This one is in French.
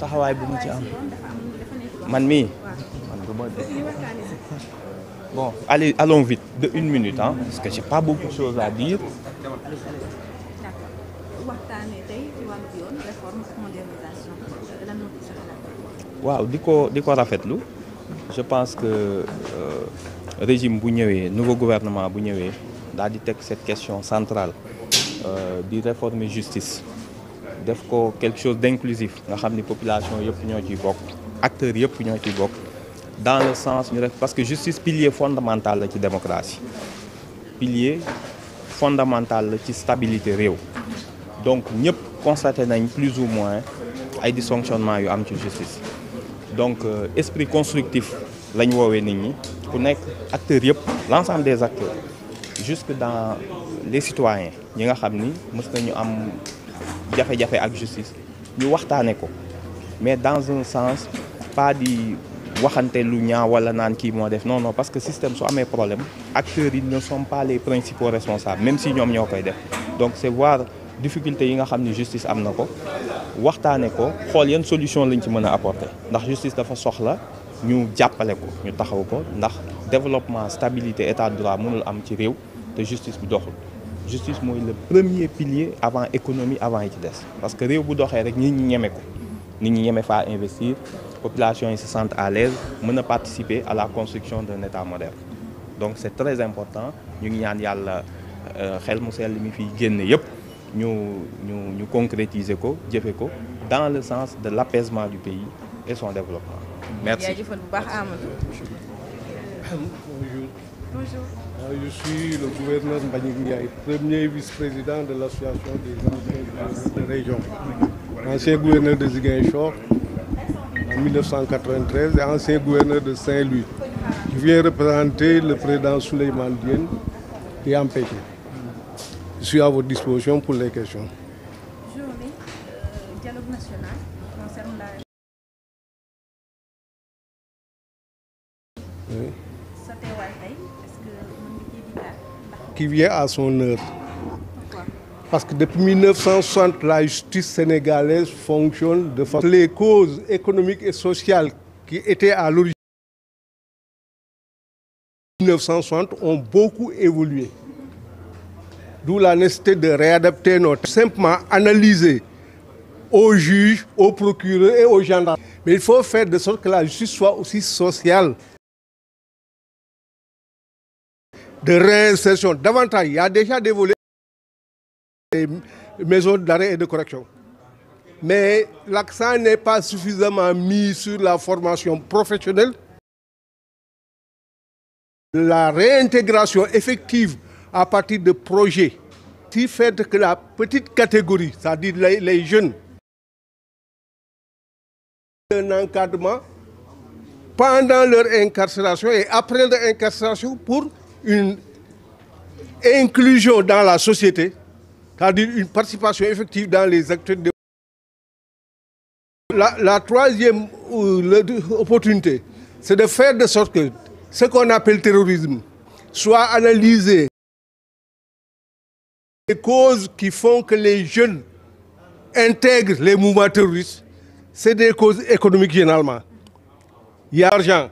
taxaway bu mu ci am man mi man duma bon allez allons vite de une minute hein parce que j'ai pas beaucoup de choses à dire waaw di ko di ko rafetlu je pense que euh, régime bu ñëwee nouveau gouvernement bu ñëwee daal di teg cette question centrale euh, di réformer justice def ko quelque chose d'inclusif nga xam population yëpp ñoo ciy acteurs yëpp ñoo dans le sens parce que justice pilier fondamental la démocratie. démocratie pilier fondamental la stabilité donc nous constatons plus ou moins ay dysfonctionnement yu am ci justice donc euh, esprit constructif lañ woowee nit ñi ku nekk acteurs l'ensemble des acteurs jusque dans les citoyens ñi nga xam jafe-jafe ak justice ñu waxtaane ko mais dans un sens pas de dire lu ñaaw wala naan ki mo def non non parce que le système su problèmes. problème acteurs yi ne sont pas les principaux responsables même si nous ñoo def donc c'est voir difficulté yi nga xamni ne justice am na ko waxtaane ko xool une solution lañ ci mëna a apporter ndax justice dafa soxla ñu jappalé ko ñu taxaw ko ndax développement stabilité état de droit mënul am ci réew te justice bi doxul justice est le premier pilier avant l'économie, avant l'étude. parce que si bu ne rek nit investir population se sente à l'aise mais participer à la construction d'un état moderne donc c'est très important nous nous ñaan euh, concrétiser dans le sens de l'apaisement du pays et son développement merci Bonjour. Je suis le gouverneur Mbanyingiaï, premier vice-président de l'association des anciens de la région. Ancien gouverneur de Ziguinchor en 1993 et ancien gouverneur de Saint-Louis. Je viens représenter le président Souleymane Diène et Ampéché. Je suis à votre disposition pour les questions. Journée, euh, dialogue national. qui vient à son heure. Parce que depuis 1960, la justice sénégalaise fonctionne de façon... Les causes économiques et sociales qui étaient à l'origine 1960 ont beaucoup évolué. D'où la nécessité de réadapter notre... Simplement analyser aux juges, aux procureurs et aux gendarmes. Mais il faut faire de sorte que la justice soit aussi sociale. de réinsertion davantage. Il y a déjà des volets des maisons d'arrêt et de correction. Mais l'accent n'est pas suffisamment mis sur la formation professionnelle, la réintégration effective à partir de projets, qui fait que la petite catégorie, c'est-à-dire les, les jeunes, un encadrement pendant leur incarcération et après leur incarcération pour une inclusion dans la société, c'est-à-dire une participation effective dans les acteurs de la, la troisième opportunité, c'est de faire de sorte que ce qu'on appelle terrorisme soit analysé. Les causes qui font que les jeunes intègrent les mouvements terroristes, c'est des causes économiques généralement. Il y a l'argent,